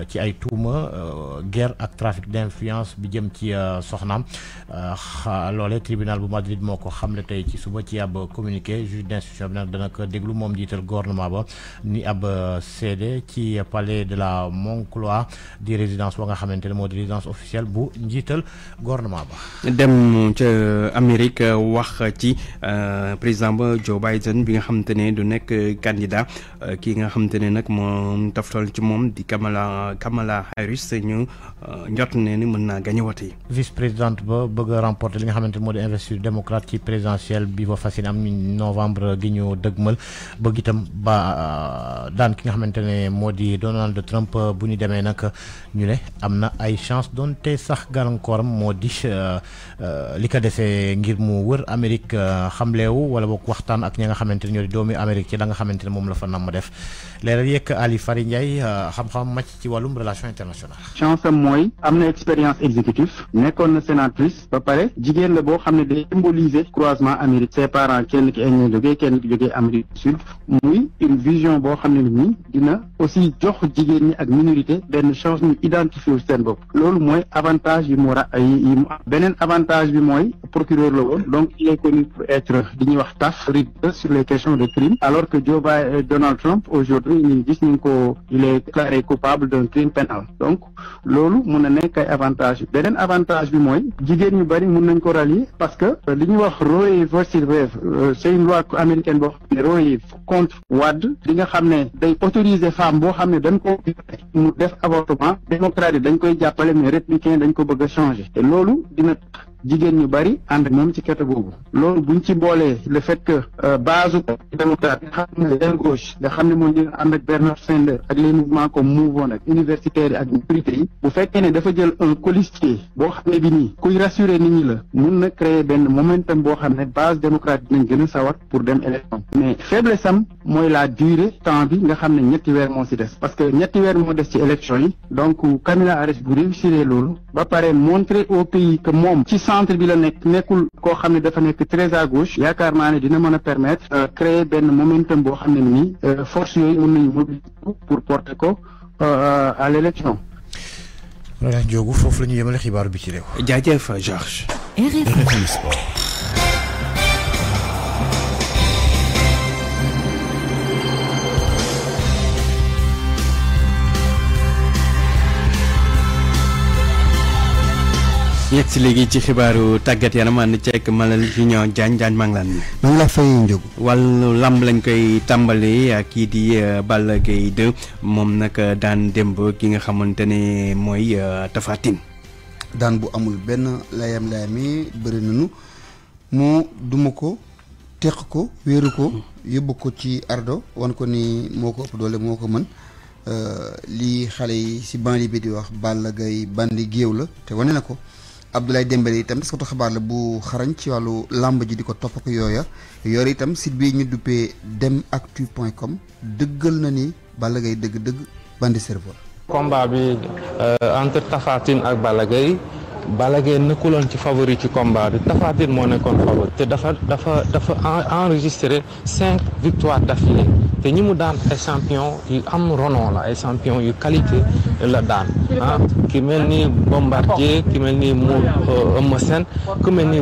Speaker 17: ci ay tuuma guerre ak trafic d'influence bi jëm ci soxnaam loole tribunal bu Madrid moo ko xamle tey qui ci suba ci ab communiqué juge d'instruction bi dana ko déglu mom jiital gouvernement ba ni ab seede euh, ci palais de la Moncloa di résidence ba nga xamantene mod résidence officielle bu njiital gouvernement
Speaker 1: ba. dem ci euh, Amérique euh, wax ci président ba Joe Biden bi nga xamantene du nek candidat ki nga xamantene nak mom taftal ci mom di Kamala Kamala Harris ñu ñot ne ni mëna naa wati
Speaker 17: vice présidente ba bëgg remporter li nga xamantene mod investiture démocrate ci présidence présidentielle bi ba fas am novembre guñu deugmal dëgmal bëgg ba euh, daan ki nga xamantene modi Donald Trump euh, bu ñu demee nag ñu né amna ay chance donté sax gàllankooram Modi, euh, euh lika ko ngir mu wër Amérique xamleewu wala bok waxtaan ak ñi nga xamante ne ñoo doomi Amérique ci la nga xamantene mom la fa nam def leeral yekk Ali Fari Ndiaye xam-xam match ci walum relation internationale.
Speaker 18: chance moy, amna expérience exécutif, nekkoon na sénatrice ba paré jigen la bo xamné dé symboliser croisement parents ses parents kenn ki Inde la jógee kenn ki Amérique du Sud muy une vision pour xam ni dina aussi jox jigéen ñi ak minorité benn chance ñu identifier wu seen bopp loolu avantage yi mu ra un avantage bi mooy procureur la donc il est connu pour être d'une wax taf rigoureux sur les questions de crime alors que Joe Biden euh, Donald Trump aujourd'hui il dit qu'il ko il est déclaré coupable d'un crime pénal donc loolu mun na nekk ay avantage beneen avantage bi mooy jigéen ñu bari mon encore ko parce que li ñuy wax Russell Wave euh, c'est une loi américaine bo xam ne contre Wade li nga xamné day autoriser femme bo xamné dañ ko mu def avortement démocrate dañ koy jappalé mais républicain dañ ko bëgg changer te lolu dina jigéen ñu bari ànd moom ci kete boobu loolu buñ ci boolee le fait que euh,
Speaker 19: base démocrate
Speaker 18: nga xam ne den gauche nga xam ne moo ñu ànd ak Bernard Sender ak les mouvements comme mouvement ak universitaire yi ak autorités yi bu fekkee ne dafa jël un colistier boo xam ne bi nii kuy rassurer nit ñi la mun na créer benn momentum boo xam ne base démocrate dinañ gën a sawar pour dem élection mais faiblesse am mooy la durée temps bi nga xam ne ñetti weer moo si des parce que ñetti weer moo des ci élection yi donc Kamala Harris bu réussir loolu ba pare montrer au pays que moom ci centre bi la nekk nekkul koo xam ne dafa nekk très à yaakaar naa ne dina mën a permettre euh, créer benn momentum boo xam ne nii euh, force yooyu mën nañu mobiliser pour porter ko euh, à l'élection
Speaker 17: voilà foofu la ñu yemale xibaaru bi ci réew. jaajëf Georges.
Speaker 14: yegg
Speaker 1: si léegi ci xibaaru tàggat yaram ànd ceeg Malal Junior Diagne Diagne maa ngi laan
Speaker 20: maa ngi la fay njóg
Speaker 1: wàllu lamb lañ koy tàmbali kii di euh, Balla Gaye 2 moom nag euh, daan ki nga xamante ne mooy euh,
Speaker 20: daan bu amul ben layam layami bëri nanu mu duma ko teq ko ko ko ci ardo wan ko ni moo ko ëpp doole li halai yi si banlieue bi di wax Balla Gaye bandi géew la te wane Abdoulaye Dembélé itam taskatu xabaar la bu xarañ ci wàllu làmb ji di ko topp ak yooya yore itam site bi ñu duppee demactu.com dëggal na ni Balla Gaye dëgg-dëgg bandi
Speaker 14: serveur. combat bi euh, entre Tapha Tine ak Balla Gaye Balla Gaye ci favori ci combat bi Tapha Tine moo nekkoon favori te dafa dafa dafa enregistré cinq victoires d'affilée te ñi mu daan champion yu am renom la ay champion yu qualité la daan ah ki mel ni Bombardier ki mel ni mu euh, Eumeu Sène ku mel ni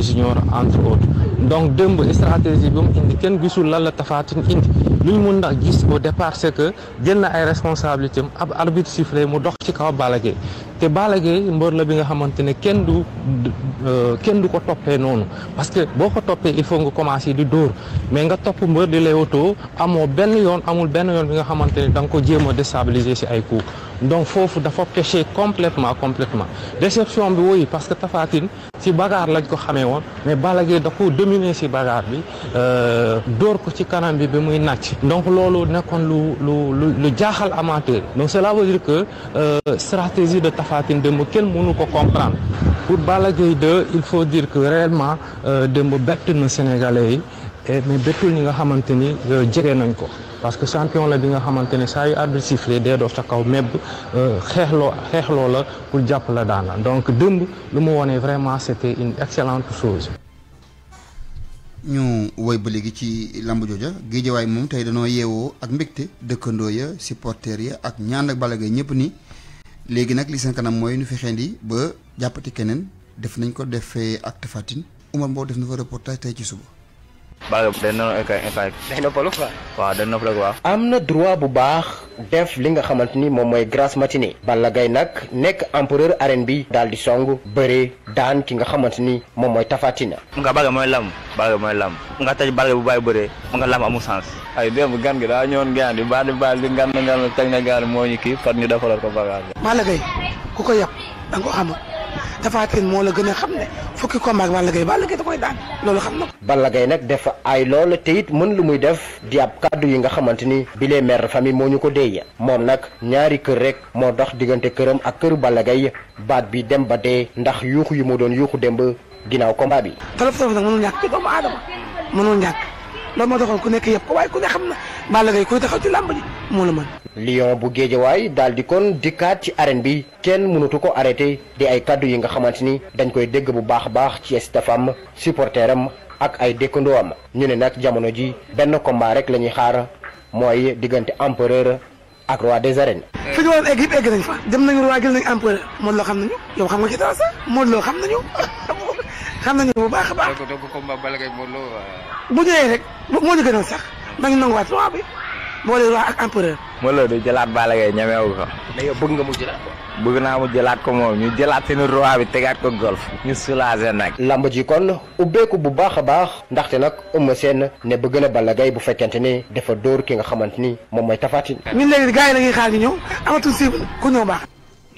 Speaker 14: Junior entre autres donc démb stratégie bi mu indi kenn gisul lan la Tapha indi lu ñu mun ndax gis au départ c'est que jël na ay responsabilités am ab arbitre sifflé mu dox ci kaw te Balla Gaye mbër la bi nga xamante ne kenn du euh, kenn du ko toppee parce que beaucoup de toppee il faut nga commencer di dóor mais nga topp mbër di lay auto amoo benn yoon amul benn yoon bi nga xamante ne da nga ko jéem déstabiliser ci ay coups donc foofu dafa péché complètement complètement déception bi woyi parce que Tapha si ci bagaar lañ ko xamee mais Balla da ko dominer ci bagaar bi euh, dóor ko ci kanam bi bi muy nàcc donc loolu nekkoon lu lu lu jaaxal amateur donc cela veut dire que euh, stratégie de taf Fatine Tine quel kenn mënu ko comprendre pour Balla 2 il faut dire que réellement euh, démb bett na Sénégalais et mais bettul ñi nga xamante ni euh, jege nañ ko parce que champion la bi nga xamante ne yu arbitre sifflé dee do ta kaw mebb euh, xéxlo xéxlo la pour japp la dana donc démb lu mu wone vraiment c'était une excellente chose.
Speaker 20: ñu way ba léegi ci lamb jooja géejawaay mom tay danoo yéwo ak mbégte dëkkandoo ya supporters ya ak ñaan ak balagay Gaye ñëpp nii. léegi nag li seen kanam mooy nu fexeen di ba jàppati keneen def nañ ko def defee acte fatin Umar Mbow def na fa reportage tey ci suba
Speaker 10: ba dañ na infaq waaw dañ na flag waaw am na droit bu baax def li nga xamante ni moom mooy grasse matinée Balla Gaye nag nekk empereur arène bi daal di song bëree daan ki nga xamante ni moom mooy tafatina nga Balla mooy lam Balla Gaye mooy lam nga taj
Speaker 3: Balla bu bàyyi bëree mu nga lam amul sens ay démb gan gi daa ñëwoon gaan bi baal di baal di ngan na ngan teg
Speaker 10: na gaan moo kii far ñu defaral ko bagage
Speaker 16: Balla Gaye ku ko yàpp da ko xamal Tapha moo la gën a xam ne fukki combat ak Balla Gaye Balla Gaye da daan loolu xam na ko.
Speaker 10: Balla Gaye nag def ay loolu te mën lu muy def di ab kàddu yi nga xamante ni bile mère famille moo ñu ko dee moom nag ñaari kër rek moo dox diggante këram ak kër Balla Gaye baat bi dem ba dee ndax yuuxu yi mu doon yuuxu dem ginnaaw combat bi.
Speaker 16: tolof tolof nag mënul ñàkk ci doomu aadama mënul ñàkk. loolu moo taxoon ku nekk yëpp ko waaye ku ne xam na Balla Gaye kuy taxaw ci làmb ji moo la mën.
Speaker 10: Lion bu Géejawaay daal di kon dikkaat ci arène bi kenn mënatu ko arrêté di ay kaddu yi nga xamante ni dañ koy dégg bu baax a baax ci stafam supporteram ak ay dëkkandoo am ñu ne nag jamono ji benn combat rek la ñuy xaar mooy diggante empereur ak roi
Speaker 16: de arènes. fi ñu waroon egg yëpp egg nañ fa dem nañu roi jël nañ empereur Modou Lo xam nañu yow xam nga ci dara xam xam nañu bu baax a baax.
Speaker 10: donc donc combat Balla Gaye Modou Lo
Speaker 16: bu ñëwee rek moo sax nañu nanguwaat roi bi boole roi ak empereur.
Speaker 10: Modou Lo du jëlaat Balla Gaye ñemeewu ko. bëgg nga mu jëlaat ko. bëgg naa mu jëlaat ko moom ñu jëlaat seen roi bi tegaat ko golf ñu soulager nag. lamb ji kon ubbeeku bu baax a baax ndaxte nag Eumeu Sène ne bëgg na Balla Gaye bu fekkente ni dafa dóor ki nga xamante ni moom mooy Tapha Tine. ñun
Speaker 16: léegi gars yi la ñuy xaar ñu ñëw amatul si ku ñëw baax.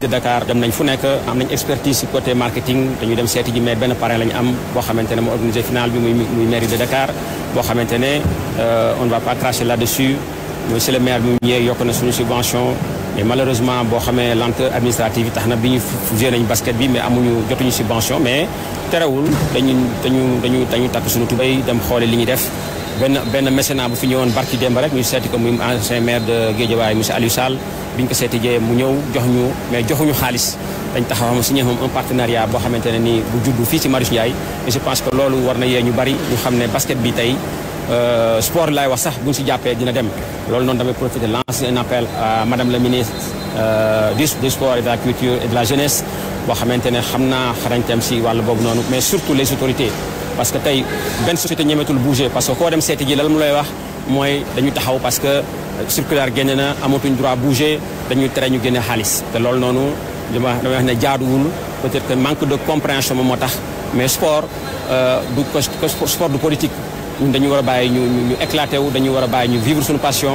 Speaker 11: de Dakar dem nañ fu nekk am nañ expertise ci côté marketing dañu dem seeti ji mais benn parrain lañ am boo xamante ne moo organisé final bi muy muy mairie de Dakar boo xamante ne euh, on ne va pas cracher là-dessus monsieur le maire bi mu ñëwee yokk na suñu subvention mais malheureusement boo xamee lenteur administrative yi tax na bi ñu joué nañ basket bi mais amuñu jotuñu subvention mais terewul dañu dañu dañu dañu takk suñu tubay dem xoole li ñuy def benn benn mécénat bu fi ñëwoon barki démb rek ñu seeti ko muy ancien maire de Guédiawaye monsieur Aliou Sall bi ñu ko seeti jee mu ñëw jox ñu mais joxuñu xaalis dañ taxaw xam signé moom un partenariat boo xamante ne nii bu juddu fii ci Marius Ndiaye et je pense que loolu war na yee ñu bari ñu xam ne basket bi tey euh, sport lay wax sax buñ ñu si jàppee dina dem loolu noonu damay profité lancer un appel à madame la ministre euh, du sport et de la culture et de la jeunesse boo xamante ne xam naa xarañteem si wàllu boobu noonu mais surtout les autorités parce que tay ben société ñëmetul bouger parce que ko dem seeti ji lan mu lay wax moy dañu taxaw parce que euh, circulaire génne na amatuñ droit bouger dañu tere ñu génne xaalis te loolu noonu dama damay wax ne jaaduwul peut-être que manque de compréhension moom mais sport euh, du sport du politique ñun dañu wara a ñu ñu éclaté wu dañu wara a ñu vivre son passion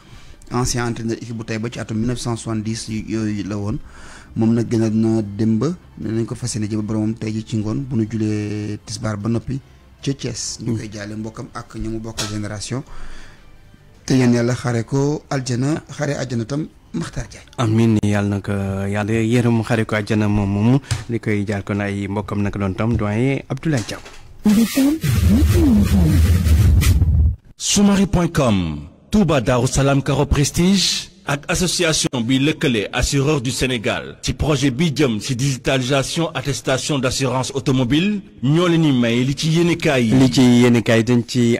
Speaker 20: ancien entraîneur équipe bu Taïba ci atum 1970 yooyu la woon moom nag gënal na démb nañ ko fas yéene jëm boromam tey ji ci ngoon bu nu julee tisbaar ba noppi ca Thiès. Mm. ñu koy jaale mbokkam ak mu bokkal génération. te yéen yàlla xare ko aljana xare aljana tam Maxtaar Jaay
Speaker 1: amin yàlla na ko yàlla yërëm xare ko aljana moom moom li koy jaar kon ay mbokkam naka doon tam doyen Abdoulaye Diaw. Sumari point com Touba Darou
Speaker 3: Salam Caro Prestige ak association bi lekele assureur du Sénégal ci projet Bidium, si digitalisation attestation d'assurance automobile Nous ni may li ci
Speaker 15: yene kay li
Speaker 1: ci kay ci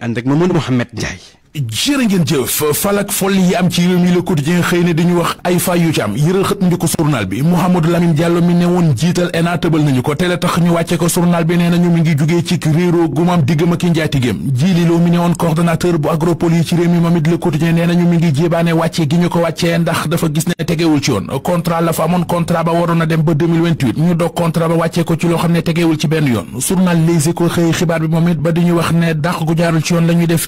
Speaker 15: jërë ngeen jëf falak fol yi am ci réew mi Le Quotidien xëy na dañu wax ay fay yu ci am yëral xët njëkk journal bi Mouhamadou Lamine Diallo mi ne woon jiital ENA tëbal nañu ko teel a tax ñu wàcce ko journal bi nee nañu mi ngi jugee ci réeroo gu mu am diggam ak i njaatigéem jiili loo mi ne woon coordonnateur bu agropole yi ci réew mi moom it Le Quotidien nee nañu mi ngi jéebaane wàcce gi ñu ko wàccee ndax dafa gis ne tegewul ci yoon contrat la fa amoon a dem ba ba wàccee ko ci loo ne tegewul ci benn yoon journal Les Échos xëy xibaar bi moom it ñu def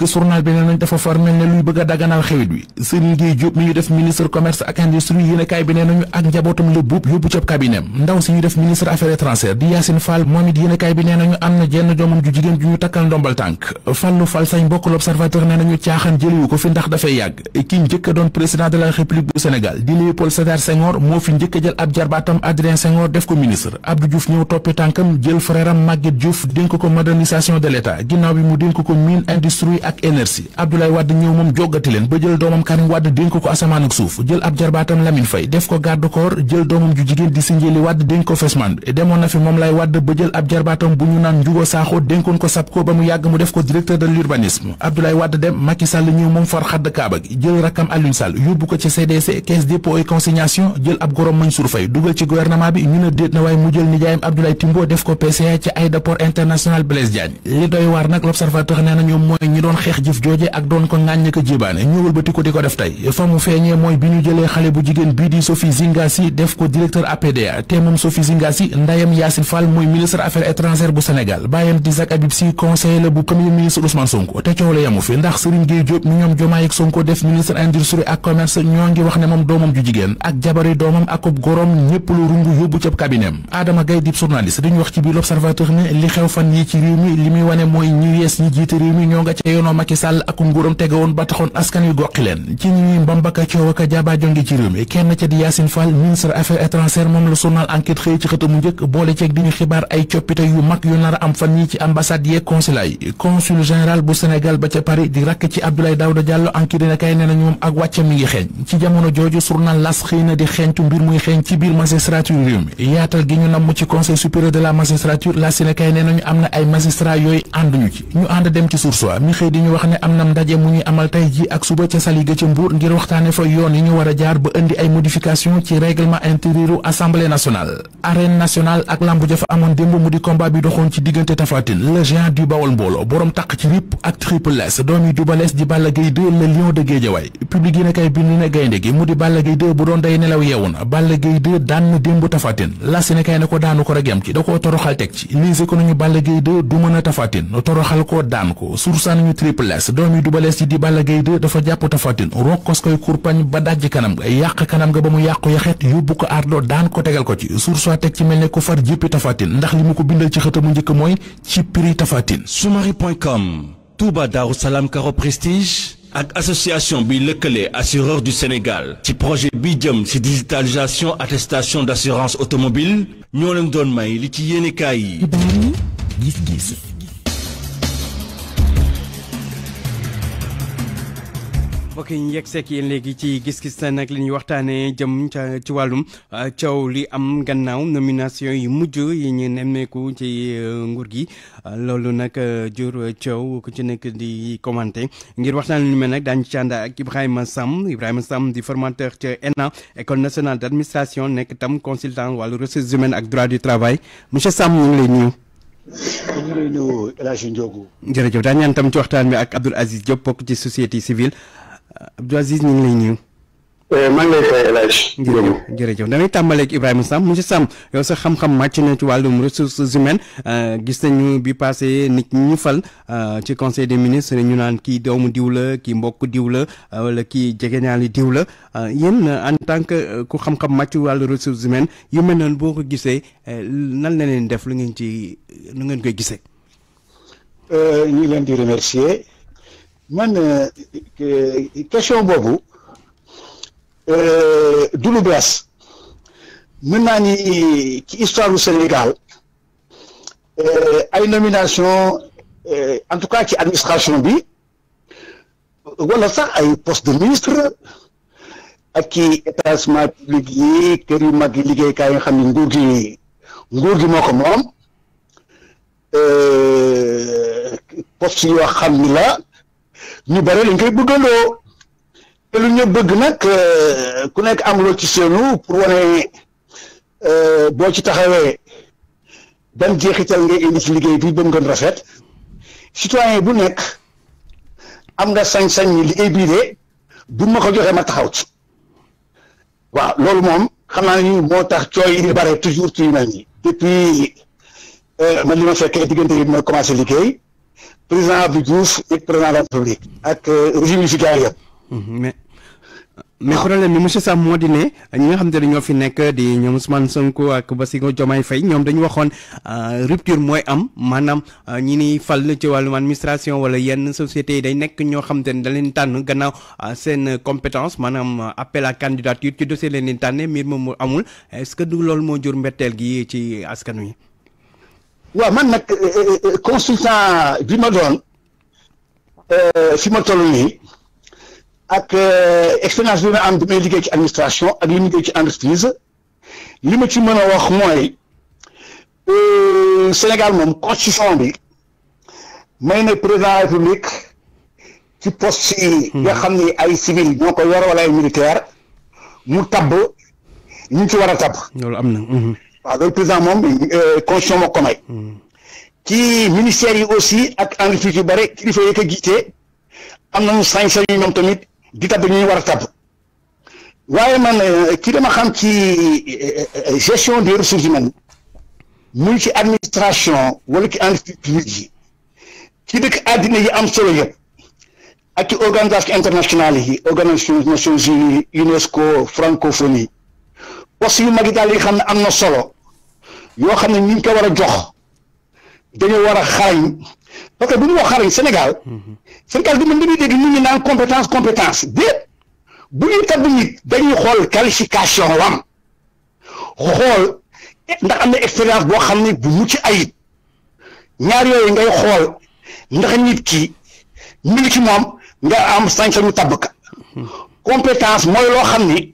Speaker 15: que journal bi ne nañ dafa far mel ne luy bëgg a xewit wi Serigne Gueye Diop mi ñu def ministre commerce ak industrie yéen bi ne nañu ak njabootam la yóbbu cab kabinem ndaw si ñu def ministre affaires étrangères di Yacine Fall moom it yéen bi ne nañu am na jenn doomam ju jigéen ju ñu takkal ndombal tànk Fallou Fall sañ bokk l'observateur ne nañu caaxaan jëliwu ko fi ndax dafay yàgg ki njëkk a doon président de la république bu Sénégal ak énergie Abdoulaye Wade ñëw moom joggati leen ba jël doomam Karim Wade dénk ko asamaan ak suuf jël ab jarbaatam Lamine Faye def ko garde corps jël doomam ju jigéen di Sindiély Wade dénk ko Fesman demoon na fi moom lay Wade ba jël ab jarbaatam bu ñu naan Ndiougo Sakho dénkoon ko SAPCO ba mu yàgg mu def ko directeur de l'urbanisme Abdoulaye Wade dem Macky Sall ñëw moom far xadd kaaba gi jël rakkam Alioune Sall yóbbu ko ci CDC caisse dépôt et consignation xeex jëf jooje ak doon ko ŋàññ ko jébaane ñëwal ba ko di ko def tey fa mu feeñee mooy bi ñu jëlee xale bu jigéen bii di Sophie Zingasi def ko directeur APDA te moom Sophie Zingasi ndayam Yacine Fall mooy ministre affaires étrangères bu Sénégal bàyyam di Abib Si conseiller la bu premier ministre Ousmane Sonko te coow la yamu fi ndax Serigne Gueye Diop mi ñoom Jomaay Sonko def ministre industrie ak commerce ñoo ngi wax ne moom doomam ju jigéen ak jabari président Macky ak nguuram tege ba taxoon askan yu goqi leen ci ñi ñuy mbambaka coow ak jonge ci réew mi kenn ca di Yacine Fall ministre affaires étrangères moom la journal enquête xëy ci xëtamu njëkk boole ceeg di ñu xibaar ay coppite yu mag yu nar a am fan yi ci ambassade yeeg consulat yi consul bu Sénégal ba ca Paris di rakk ci Abdoulaye Daouda Diallo enquête dina kay nee nañu moom ak wàcce mi ngi xeeñ ci jamono jooju journal las xëy ñu wax ne am na ndaje mu ñuy amal tey ji ak suba ca saliga ca Mbour ngir waxtaane fa yoon yi ñu war a jaar ba indi ay modification ci règlement intérieur assemblée nationale arène nationale ak lambu jafa amoon démb mu di combat bi doxoon ci diggante Tafatine le géant du Bawol mbooloo borom taq ci rip ak triple S doomi Double Less di Balla Gaye 2 le lion de Guédiawaye public yi bind ne gaynde gi mu di Balla Gaye bu doon day nelaw la si ne kay ne a Triple S doomi Double S di Balla Gaye 2 dafa japp Tapha Tine rokkos koy kurpañ ba dajj kanam nga kanam nga ba yaq yàqu yaxet yóbbu ko ardo dan ko tegal ko ci sursoi tek ci mel ko ku far jéppi Tapha ndax li ko bindal ci xëtamu njëkk moy ci prix Tapha sumari.com
Speaker 3: Touba Darou Salam Caro Prestige ak association bi lëkkale assureur du Sénégal ci projet bi jëm ci digitalisation attestation d'assurance automobile ñoo leen doon may li ci yene kay yi
Speaker 15: gis-gis
Speaker 1: mbokk yi ñu yegg léegi ci gis-gis nag li ñuy waxtaanee jëm ca ci wàllum euh, coow li am gannaaw nomination yi mujj yi ñu nemmeeku ci euh, nguur gi loolu nag euh, jur coow ku ci nekk di commenter ngir waxtaan lu mel nag daañu ci ànd ak Ibrahima Sam Ibrahima Sam di formateur ca ENA école nationale d' nekk tam consultant wala ressources humaines ak droit du travail monsieur Sam ñu ngi lay nuyu. ñu ngi lay
Speaker 19: nuyu El Hadj Ndiogou.
Speaker 1: jërëjëf ñaan tam ci waxtaan bi ak Abdoul Aziz Diop ci société civile. Abdou Aziz ñu ngi lay eh, jërëjëf jërëjëf damay tàmbaleeg Ibrahima Sam monsieur Sam yow sa xam-xam màcc na ci wàllum ressources humaines eh, gis nañu bi passé nit ñu fal eh, ci conseil des ministres ñu naan kii doomu diw la kii mbokk diw la wala kii jegeñaali diw la yéen en tant que ku xam-xam màcc wàllu ressources humaines yu mel noonu boo ko gisee nan na leen def lu ngeen ci nu ngeen koy gisee.
Speaker 19: man euh, question euh du lu bees mën naa ni ci histoire du Sénégal euh, ay nomination euh, en tout cas ci administration bi wala sax ay poste de ministre ak ci établissement public yi kër yu mag yi liggéeykaay yi nga xam ni nguur gi nguur gi moo ko moom poste yoo xam ni la ñu bare lañ koy bëggandoo te lu ñu bëgg nag euh, ku nekk am loo ci seenu pour wane euh, boo ci taxawee ban jeexital ngay indi ci liggéey bi ba mu gën rafet citoyen bu nekk am nga sañ-sañ ni liggéey bii de bu ma ko joxee ma taxaw ci waaw loolu moom xam naa ni moo tax cooy yi bare toujours ci yu mel nii depuis euh, man li ma fekkee diggante bi ma commencé liggéey. président Abdou Diouf ak président République ak euh, régime yi fi jaar yëpp
Speaker 1: mais mais problème bi monsieur Sam moo di ne ñi nga xam te ne ñoo fi nekk di ñoom Ousmane Sonko ak Bassirou Diomaye Faye ñoom dañu waxoon euh, rupture mooy am maanaam euh, ñi ni fal ci wàllum administration wala yenn sociétés yi day nekk ñoo xam ne da leen tànn gannaaw seen compétence maanaam appel à candidature ci dossier leen di miir moom moom amul est que du loolu moo jur mbetteel gi ci askan wi.
Speaker 19: waaw man nag eh, eh, eh, consultant bi ma doon fi ma toll nii ak expérience bi ma am bi liggéey ci administration ak li ma ci entreprise li ma ci mën a wax mooy euh, Sénégal moom constitution bi may na président république ci poste yi hmm. nga xam ni ay civil ñoo ko yor wala ay militaire mu tabb ñu ci war a tabb
Speaker 1: loolu am na hmm.
Speaker 19: waaw le président mon euh, constitution moo ko qui hmm. ministère aussi ak agriculture bare kilifa yi ko jiite nous nañu 5 sañ yi ñoom tamit di tab ñu man qui euh, dama xam euh, gestion des ressources humaines multi administration wala qui agriculture yi ci dëkk àddina yi à qui yëpp ak organisation internationale yi organisation Nations Unies UNESCO francophonie poste yu mag yi daal yi xam ne am na solo yoo xam ne ñu ngi war a jox dañoo war a xarañ parce que bu ñu wax xarañ Sénégal Sénégal du mën dañuy dégg nit ñi naan compétence compétence déet bu ñuy tabb nit dañuy xool qualification wam xool ndax am na expérience boo xam ne bu mucc ayib ñaar yooyu ngay xool ndax nit ki mi ngi ci moom nga am sañ-sañu tabb ka hmm. compétence mooy loo xam ni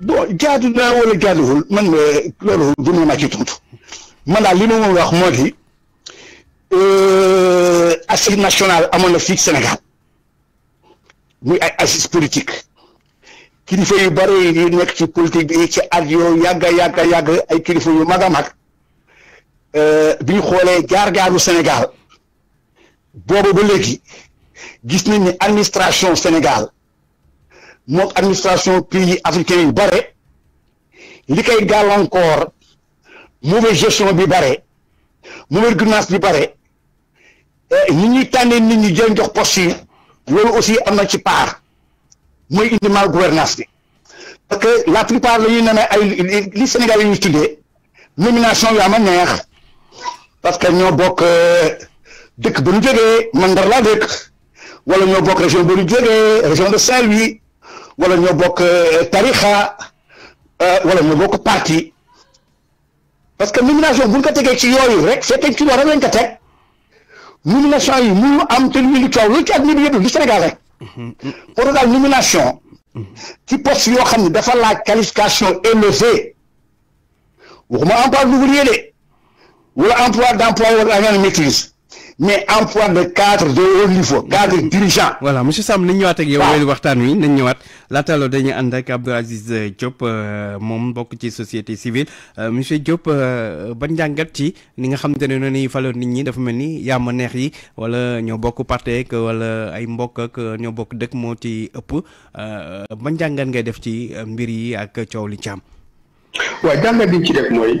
Speaker 19: bon jaadu na wala le, man euh, ma euh, ci man wax le Sénégal muy ay assises politique kilifa yu bare yi nekk ci politique bi ci avion yaga ay kilifa yu mag euh, bi jaar-jaaru Sénégal le ba legi gis nañ ni administration Sénégal. Notre administration pays africain barré, bare li koy encore. mauvaise gestion bi bare mauvaise gouvernance bi bare nit ñuy tànnee nit ñi jël jox poste yi aussi am na ci part mooy indi mal gouvernance parce que la plupart la ñuy nana ay li Sénégal yi ñuy tuddee nomination yu am a neex parce que ñoo bokk dëkk ba ñu jógee man Ndar laa dëkk wala ñoo bokk région ñu région de Saint-Louis wala ñoo bok euh, tarixa euh, wala ñoo bokk parti parce que nomination buñ ko tégué ci yooyu rek seeteñ ci loolu rek lañ ko ték nomination yi mu am té ñu coow lu ci àdduna bi yëpp du Sénégal rek mm-hmm. pour dal nomination mm-hmm. ci poste yo xamni dafa la qualification élevée waxuma emploi d'ouvrier de wala emploi d'emploi wala agent maîtrise mais emploi de cadre de haut niveau cadre
Speaker 1: dirigeant. voilà monsieur Samb nañ ñëwaat ak yow. waaw waxtaan wi nañ ñëwaat. laata loolu dañuy ànd ak Abdou Aziz euh, Diop euh, moom bokk ci société civile euh, monsieur Diop ba njàngat ci ni nga xamante ne noonu faloon nit ñi dafa mel ni yaama neex yi wala ñoo bokk parti ak wala ay mbokk ak ñoo bokk dëkk moo ci ëpp ba njàngat ngay def ci mbir yi ak coow li ci am.
Speaker 12: jàngat bi ci def mooy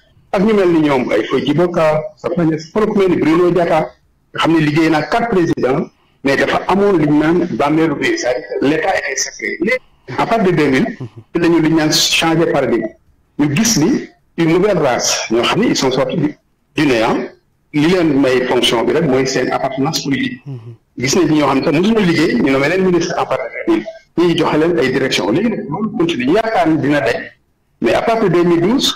Speaker 12: ak ñu melni ni ñoom ay Fodjibo Ka Samba Niasse ku mel ni Bruno Jaka nga xam ne liggéey naa quatre présidents mais dafa amone li ñu naan bàmmeelu pays l'état est sacré à partir de 2000 mille ci li ñaan changer changé paradigme ñu gis ni une nouvelle race ñoo xam ils sont sortis du néant li leen may fonction bi rek moy seen appartenance politique gis ni ñoo xam mënu sax mosuñu liggéey ñu nommé leen ministre en parallèle ñuy leen ay direction légui nag loolu continue yaakaar dina day mais à partir de 2012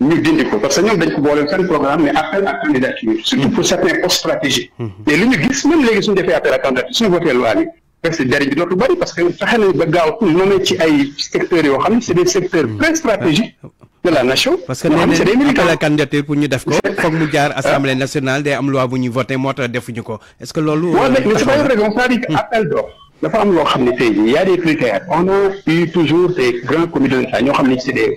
Speaker 12: nous dindi parce que nous dañ ko boole seen programme mais appel à candidature surtout pour certains postes stratégiques mhm. Et li ñu gis même léegi suñu defee appel à candidature suñu voté loi parce que derrière bi dootu parce que fexe nañ ba gaaw nommé ci ay secteurs yoo xam ne c'est des secteurs mhm. très stratégiques ah, ah. de la nation. parce que nous avons la
Speaker 1: candidature pour ñu def ko foog mu jaar assemblée nationale des am loi bu ñu voté moo tax defuñu ko est ce que loolu. waaw euh, mais c'est pas une raison
Speaker 12: c'est-à-dire que hmm. appel d'or. dafa am loo xam y a des critères on a eu toujours des grands comités ñoo xam ne c'est des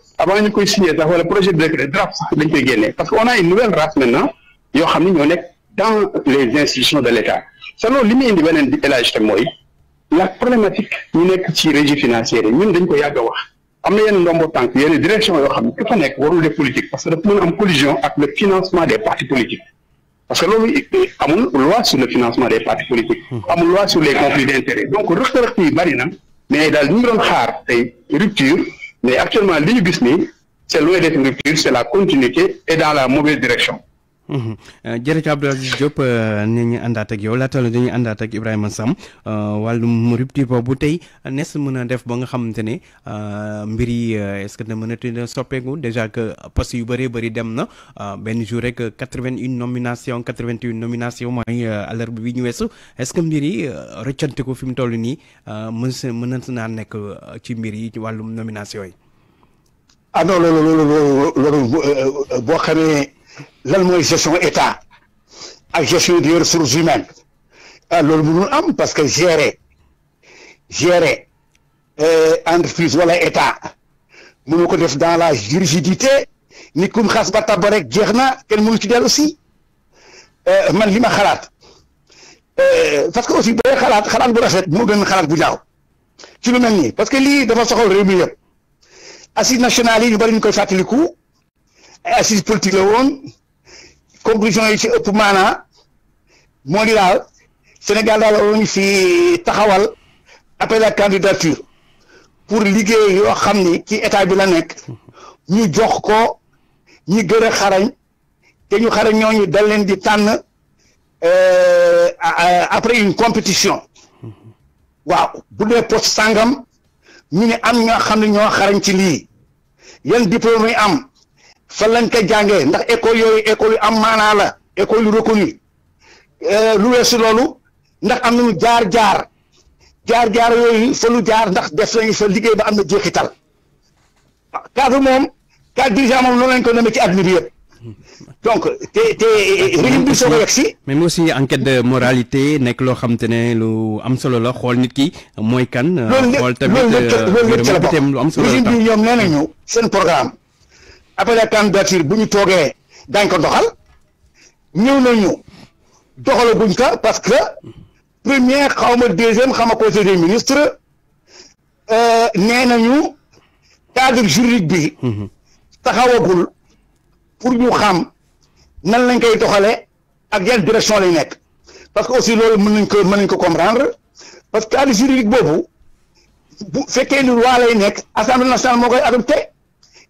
Speaker 12: avant ah, de koy signé wala projet de décret draft sax parce que a une nouvelle race maintenant qui on est dans les institutions de l'État selon li de indi beneen di élage tam la problématique ñu que ci les financière yi ñun dañ ko a wax am direction qui est dans ka parce que nous sommes a am collision avec le financement des partis politiques parce que avons une loi sur le financement des partis politiques une loi sur les conflits d'intérêts donc rëq-rëq yi bari mais dans ñu ngi doon rupture mais actuellement, Bisney, c'est loin d'être une rupture, c'est la continuité et dans la mauvaise direction.
Speaker 1: Mhm. Euh, jërëjëf Abdou Aziz Diop euh, ne ñu àndaat ak yow laata la dañuy àndaat ak Ibrahima Sam euh, wàllum rupture boobu tey nees mën def ba nga xamante ne mbir yi est-ce que dina mën a tuddee soppeeku déjà que poste yu bëree bëri dem na benn jour rek quatre-vingt-une nomination quatre-vingt-une nomination mooy alerte bi ñu weesu est-ce que mbir yi rëccante ko fi mu toll nii mën sa mën naa nekk ci mbir yi ci wàllum nomination yi.
Speaker 19: ah loolu loolu boo xamee. lan mooy gestion état ak gestion des ressources humaines Alors, ah, loolu mënul am parce que gérer gérer euh, entreprise wala état mënoo ko def dans la rigidité ni ku xas ba tabb rek jeex na kenn mënu ci euh, man li ma Euh, parce que aussi booy Khalat, Khalat bu rafet moo gën xalaat bu ñaaw ci lu mel nii parce que lii dafa soxal réew mi yëpp assises nationales yi ñu bari ñu koy fàttaliku assise eh, politique woon conclusion ici ci ëpp maanaa moo di Sénégal la woon fi taxawal appel la candidature pour liguer yo xamni ci état bi la nek ñu jox ko ñi gën xarañ te ñu xarañ ñu dal leen di euh après une compétition waaw bu dee poste sangam ñu ne am ñoo xamni ne ñoo xarañ ci li yan diplôme yi am fa lañ ko ndax école yooyu école yu am maanaa la école yu reconnu euh, lu weesu loolu ndax am nañu jaar-jaar jaar-jaar yooyu fa lu jaar ndax def nañu fa liggéey ba am na jeexital cadre moom cadre dirigeant moom noonu lañ ko nommé ci adduna yëpp donc te te régime bi soo ko yegg si.
Speaker 1: même aussi enquête de moralité nekk loo xam te ne lu am solo la xool nit ki mooy kan. xool tamit loolu lépp loolu lépp ca la euh, bokk régime
Speaker 19: ñoom nee nañu seen programme. après la candidature bu ñu toogee daañ ko doxal ñëw nañu doxala buñ ka, parce que premier xaw deuxième xaw ma conseil des ministres euh, nee nañu cadre juridique bi mhm. taxawagul pour ñu xam nan lañ koy doxalee ak yan direction lay nekk parce que aussi loolu mën nañ ko mën comprendre parce que cadre juridique boobu bu fekkee ni loi lay nekk assemblée nationale moo koy adopté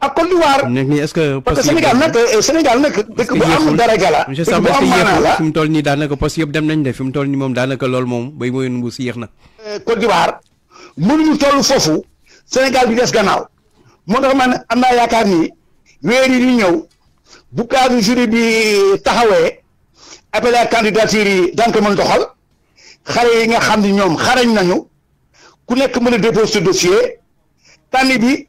Speaker 19: ak Côte d'Ivoire
Speaker 1: nekk nii est-ce que parce que Sénégal nag
Speaker 19: eh, Sénégal nag dëkk bu am daraja la monsieur Samba est-ce que yéex na fi
Speaker 1: mu toll nii daanaka poste yëpp dem nañ de fi mu toll nii moom daanaka loolu moom bay mooy bu si yéex na
Speaker 19: eh, Côte d'Ivoire mënuñu toll foofu Sénégal bi des gannaaw moo tax man am naa yaakaar ni weer yi di bu cadre jury bi taxawee appel à candidature yi daan ko mën doxal xale yi nga xam ne ñoom xarañ nañu ku nekk mën a déposer dossier tànn bi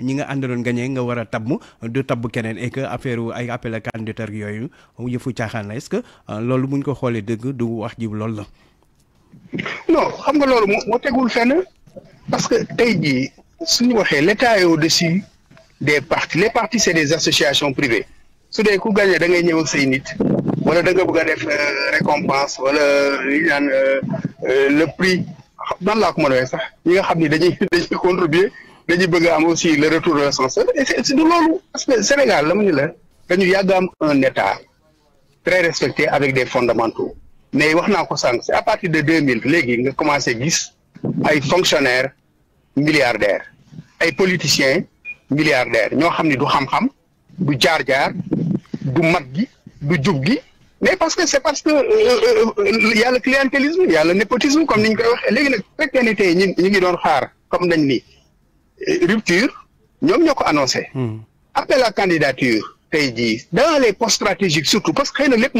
Speaker 1: ñi nga àndaloon gañee nga war a tabb du tabb keneen et que affaire ay appel a à candidature yooyu yëfu caaxaan la est-ce que euh, loolu ñu ko xoolee dëgg du wax ji loolu la. non
Speaker 12: xam nga loolu moo tegul fenn parce que tey jii ñu waxee l'état est au-dessus des partis les partis c'est des associations privées su dee ku gañee dangay ngay ñëw ak say nit wala da nga bëgg a def euh, récompense wala li euh, ñu le prix nan laa ko mën a waxee sax ñi nga xam ni dañuy dañuy contribuer. dañu aussi le retour de l'ascenseur et c'est de l'eau. parce que Sénégal la mu ñu la un état très respecté avec des fondamentaux mais wax naa ko sànq c'est à partir de 2000 mille léegi nga commencé gis ay fonctionnaires milliardaires ay politiciens milliardaires ñoo xam ni du xam-xam du jar jar, du maggi, du jub mais parce que c'est parce que euh, euh, euh, y a le clientélisme il y a le népotisme comme ni ñu koy waxee léegi nag fekkee ni tey ñu ngi xaar comme dañ ni rupture nous avons annoncé. Hmm. après la candidature dans les postes stratégiques surtout parce que nous na lépp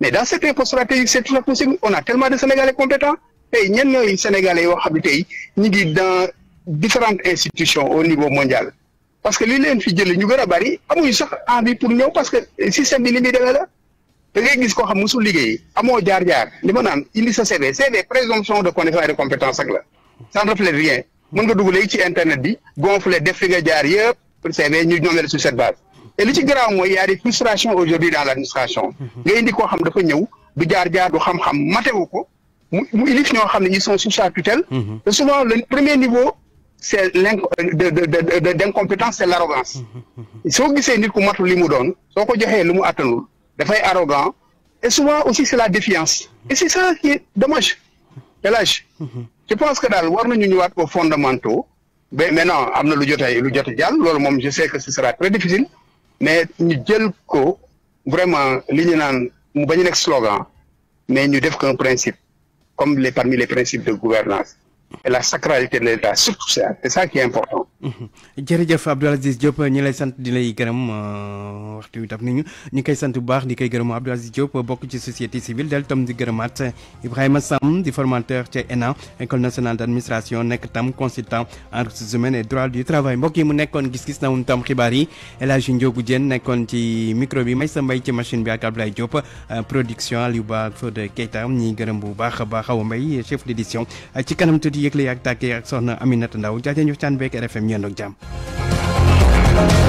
Speaker 12: mais dans ces postes stratégiques c'est toujours possible on a tellement de sénégalais compétents et il y sénégalais qui habitent ne dans différentes institutions au niveau mondial. parce que li est fi jëlee ñu gën bari envie pour nous parce que système bi li muy demee la gis xam liggéey indi sa CV des présomption de connaissance et de compétences ak ça ne reflète rien mën nga dugg ci internet bi gonfler def fi nga jaar yépp pour CV ñu ñoom sur cette base et li ci graw mooy y a des frustrations aujourd'hui dans l'administration mhm. nga indi ko xam dafa ñëw du jaar jaar du xam-xam matewu ko mu mu ilif ñoo xam ne ils sont sous sa tutelle mhm. souvent le premier niveau c'est euh, de de d'incompétence c'est l'arrogance mhm. soo gisee nit ku matul li mu doon soo ko joxee lu mu attanul dafay arrogant et souvent aussi c'est la défiance et c'est ça qui est dommage El Hadj je pense que le monde nous avons des fondamentaux maintenant nous je sais que ce sera très difficile mais nous jël vraiment li ñu naan mu slogan mais nous devons un principe comme les parmi les principes de gouvernance et la sacralité de l'État surtout ça c'est ça qui est important
Speaker 1: Mhm. jërëjëf Abdou Aziz Diop ñi lay sant di lay gërëm euh, waxtu wi daf nañu ñi koy sant bu baax di koy gërëm Abdou Aziz Diop bokk ci société civile del tam di gërëmaat Ibrahima Sam di formateur ci ENA école nationale d'administration nek tam consultant en ressources humaines et droit du travail mbokk yi mu nekkoon gis-gis na mu tam xibaar yi El Hadj Ndiogou Diène nekkoon ci micro bi may sa mbay ci machine bi ak Abdoulaye Diop euh, production Aliou Ba de Keita ñi gërëm bu baax a baax Awa Mbaye chef d'édition ci kanam tuddi yëgle yi ak tàkk ak soxna Aminata Ndaw jaajëf Thian beek RFM yendoog jàmm